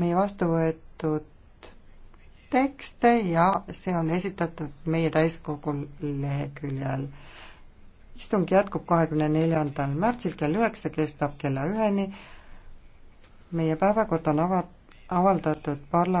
meie vastu võetud tekste ja see on esitatud meie täiskogu leheküljel. istung jätkub kahekümne neljandal märtsil kell üheksa, kestab kella üheni. meie päevakord on ava-, avaldatud parla-,